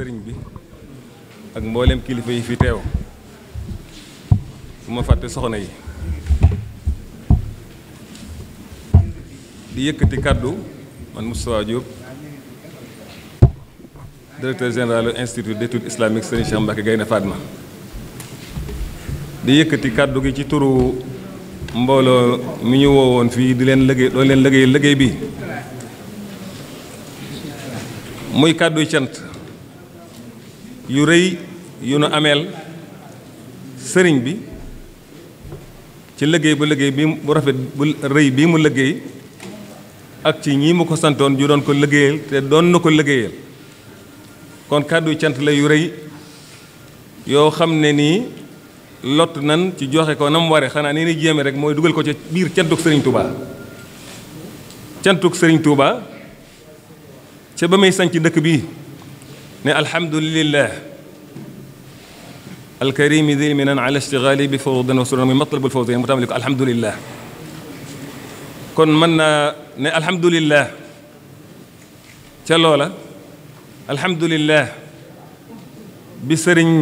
sëriñ bi ak mboolem kilifa yi fi teew bu ma fàtte soxna yi di yëkkati kàddu man Moustapha Diop directeur général du institut d'études islamiques Serigne Cheikh Mbacké Gaïndé Fatma di yëkkati kàddu gi ci turu mbooloo mu ñu woon fii di leen liggéey doo leen liggéey liggéey bi muy kàdduy cant yu rëy yu nu ameel sëriñ bi ci liggéey bu liggéey bi bu rafet bu rëy bii mu liggéey ak ci ñii mu ko santoon ju doon ko liggéeyal te doon na ko liggéeyal kon kàddu cant la yu rëy yoo xam ne nii lott nan ci joxe ko nam ware xanaa ni ni jéeme rek mooy dugal ko ca biir cantuk sëriñ Touba cantuk sëriñ Touba ca ba muy sañc dëkk bii ني الحمد لله الكريم ذي المنن على اشتغالي بفروض وسر مطلب الفوز متملك الحمد لله كن من ني الحمد لله تي الحمد لله بي سيرن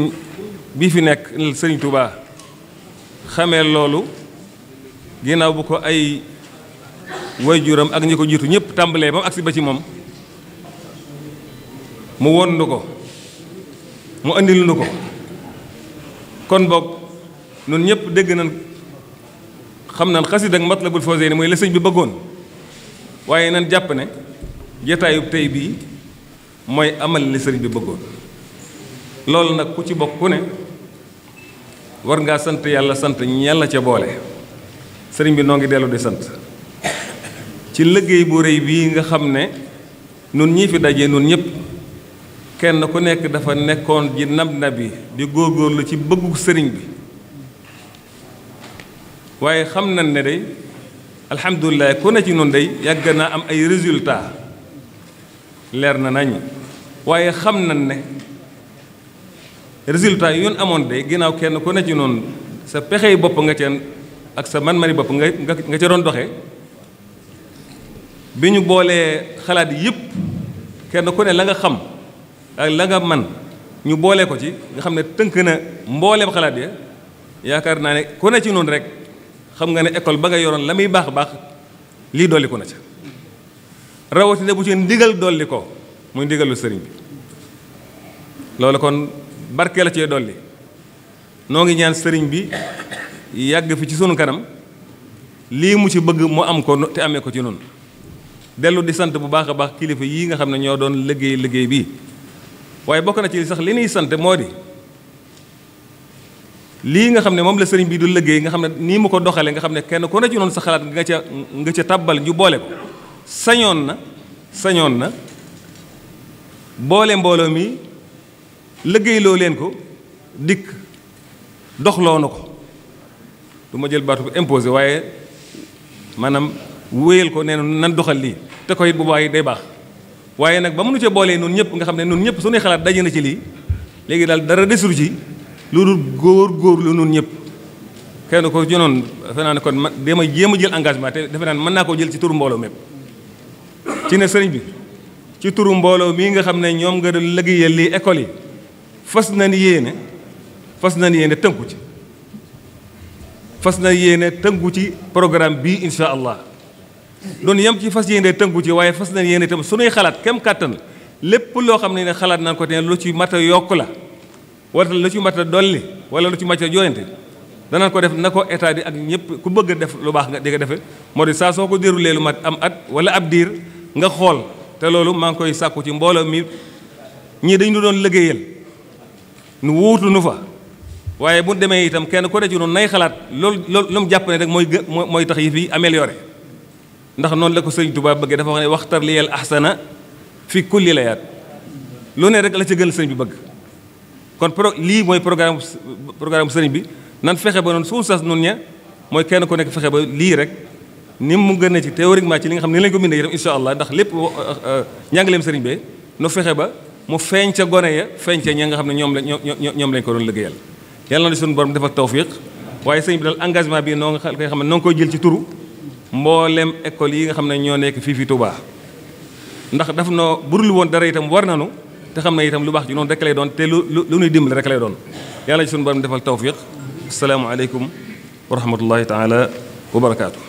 بي في نيك لولو غيناو بوكو اي wayjuram ak ñi ko jitu ñepp tambalé bam aksi mu won nu ko mu andil nu ko kon boog nun ñëpp dégg nañ xam nan xasida ak Matlabul Fawzayni mooy la sëñ bi bëggoon waaye nan jàpp ne jataayub tey bii mooy amal li sëriñ bi bëggoon loolu nag ku ci bokk ku ne war ngaa sant yàlla sant ñàlla ca boole sëriñ bi noo ngi dellu di sant ci liggéey bu rëy bii nga xam ne nun ñii fi daje nun ñëpp kenn ku nekk dafa nekkoon ji nab nabi di góorgóorlu ci bëggu sëriñ bi waaye xam nañ ne day alhamdulilah ko ne ci noonu day yàgg naa am ay résultat leer na nañ waaye xam nañ ne résultat yu ñu amoon day ginnaaw kenn ko ne ci noonu sa pexey bopp nga ca ak sa man-mani bopp nga nga ca doon doxee bi ñu boolee xalaat yëpp kenn ko ne la nga xam ak la nga man ñu boole ko ci nga xam ne tënk na mbooleem xalaat ya yaakaar naa ne ku ne ci noonu rek xam nga ne école ba nga yoroon la muy baax baax lii dolli ko na ca rawatina bu ci ndigal dolli ko muy ndigalu sëriñ bi loolu kon barke la cee dolli noo ngi ñaan sëriñ bi yàgg fi ci sunu kanam lii mu ci bëgg mu am ko te amee ko ci noonu dellu di sant bu baax a baax kilifa yii nga xam ne ñoo doon liggéey liggéey bii waaye bokk na ci sax li ñuy sant moo di lii nga xam ne moom la sëriñ bii du liggéey nga xam ne nii mu ko doxalee nga xam ne kenn ko ne ci noonu sa xalaat nga ca nga ca tàbbal ñu boole ko sañoon na sañoon na boole mbooloo mi liggéeyloo leen ko dikk doxloo na ko du ma jël baatu bu imposé waaye maanaam wéyal ko nee nan doxal lii te koy it bu baax yi day baax waaye nag ba nu ca boolee noonu ñëpp nga xam ne noonu ñëpp suñuy xalaat daje na ci lii léegi daal dara desul ci lu dul góor góor lu noonu ñëpp kenn ko jonoon defe naa ne kon man dama jéem jël engagement defe naa mën naa koo jël ci turu mbooloo mépp ci sëriñ bi ci turu mbooloo mii nga xam ne ñoom nga liggéeyal lii école yi fas na ni yéene fas na ni yéene tënku ci fas na yéene tënku ci programme bi incha allah doon yam ci fas yéene tënku ci waaye fas nañ yéene itam sunuy xalaat kem kàttan lépp loo xam ne ne xalaat nañ ko te lu ci mat yokk la wala lu ci mat a dolli wala lu ci mat a jooyante danañ ko def na ko état di ak ñëpp ku bëgg a def lu baax nga di ko defe moo di saa soo ko déroulé lu mat am at wala ab diir nga xool te loolu maa ngi koy sàkku ci mbooloo mi ñii dañu doon liggéeyal nu wuutu nu fa waaye bu demee itam kenn ku ne ci noonu nay xalaat loolu loolu lu rek mooy mooy tax yi fi amélioré ndax non la ko sëriñ touba bëggee dafa wax ne waxtar li liyal ahsana fi kulli layat lu ne rek la ci gën sëriñ bi beug kon pro lii mooy programme programme sëriñ bi nan fexe ba non sou sas non ña moy kenn ko nek fexe ba li rek nim mu gën ci théoriquement ci li nga xam ne lañ ko bindee yaram incha allah ndax lépp ñangalem sëriñ bi no fexe ba mu feñ ca gone ya feñ ca ñinga nga xam ne ñom la ñoom lañ ko doon liggéeyal yàlla na di suñu borom defal tawfiq waye sëriñ bi dal engagement bi no nga koy xam ne noo ngi koy jël ci turu mboolem école yi nga xam ne ñoo nekk fii fii Touba ndax daf noo burul woon dara itam war nanu te xam itam lu baax ji noonu rek lay doon te lu lu nuy dimbali rek lay doon yàlla ci suñu borom defal tawfiq asalaamaaleykum wa rahmatullahi taala wa barakaatu.